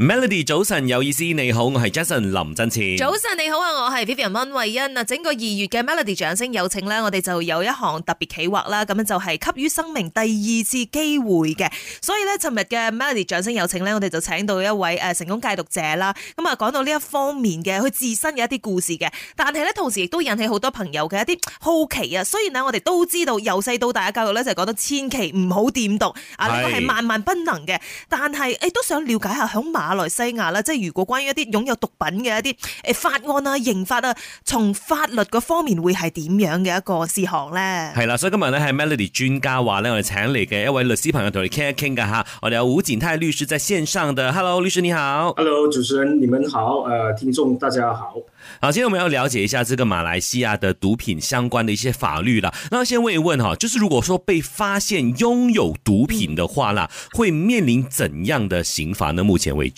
Melody 早晨有意思，你好，我係 Jason 林振前。早晨你好啊，我係 Vivian 溫慧欣啊。整個二月嘅 Melody 掌聲有請呢，我哋就有一項特別企劃啦。咁就係給予生命第二次機會嘅。所以呢，尋日嘅 Melody 掌聲有請呢，我哋就請到一位誒成功戒毒者啦。咁啊，講到呢一方面嘅佢自身嘅一啲故事嘅。但係呢，同時亦都引起好多朋友嘅一啲好奇啊。雖然呢，我哋都知道由細到大嘅教育呢，就係講得千祈唔好掂毒啊，呢個係萬萬不能嘅。但係誒、欸、都想了解一下響馬。馬來西亞啦，即係如果關於一啲擁有毒品嘅一啲誒、欸、法案啊、刑法，啊，從法律嘅方面會係點樣嘅一個事項呢？係啦，所以今日呢，係 Melody 專家話呢我哋請嚟嘅一位律師朋友同你傾一傾噶吓。我哋有伍錦泰律師在線上的，的 Hello 律師你好，Hello 主持人你們好，誒、呃、聽眾大家好。好，今日我們要了解一下這個馬來西亞嘅毒品相關嘅一些法律啦。那先問一問哈，就是如果說被發現擁有毒品嘅話啦，會面臨怎樣嘅刑罰呢？目前為止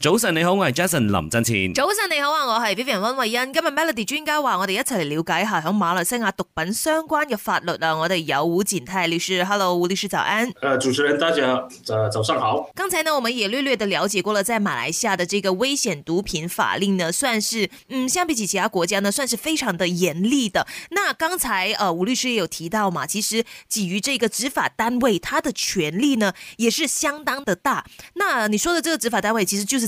早晨你好，我係 Jason 林振前。早晨你好啊，我係 Vivian 溫慧欣。今日 Melody 專家話我哋一齊嚟了解下喺馬來西亞毒品相關嘅法律啊！我哋有伍錦泰律師，Hello 伍律師早安。誒、呃、主持人大家早上好。剛才呢，我們也略略的了解過了，在馬來西亞的這個危險毒品法令呢，算是嗯相比起其他國家呢，算是非常的嚴厲的。那剛才誒伍、呃、律師也有提到嘛，其實基於這個執法單位，它的權力呢，也是相當的大。那你說的這個執法單位，其實就是。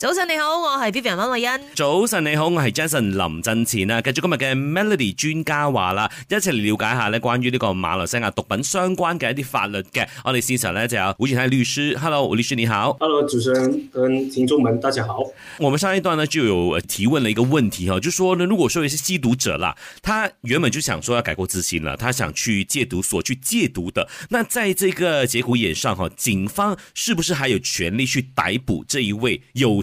早晨你好，我是 Vivian 林偉欣。早晨你好，我是，是 Jason 林振前啦。繼續今日嘅 Melody 專家話啦，一齊嚟了解一下呢關於呢個馬來西亞毒品相關嘅一啲法律嘅。我哋先生呢，就有伍錦泰律師，Hello 伍律師你好，Hello 主持人跟聽眾們大家好。我們上一段呢就有提問了一個問題哈，就是，說呢如果說係吸毒者啦，他原本就想說要改過自新了，他想去戒毒所去戒毒的，那在這個節骨眼上哈，警方是不是還有權利去逮捕這一位有？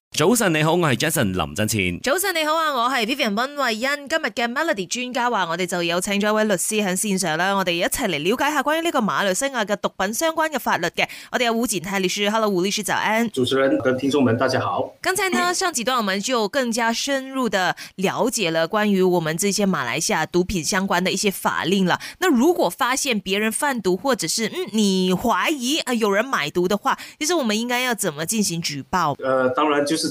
早晨你好，我係 Jason 林振前。早晨你好啊，我係 Vivian 溫慧欣。今日嘅 Melody 專家話，我哋就有請咗一位律師喺線上啦，我哋一齊嚟了解下關於呢個馬來西亞嘅毒品相關嘅法律嘅。我哋有伍錦泰律師，Hello 伍律師早安。主持人跟聽眾們大家好。剛才呢，上幾段我們就更加深入的了解了關於我們這些馬來西亞毒品相關的一些法令啦。那如果發現別人販毒，或者是嗯你懷疑啊有人買毒的話，其、就、實、是、我們應該要怎麼進行舉報？誒、呃，當然就是。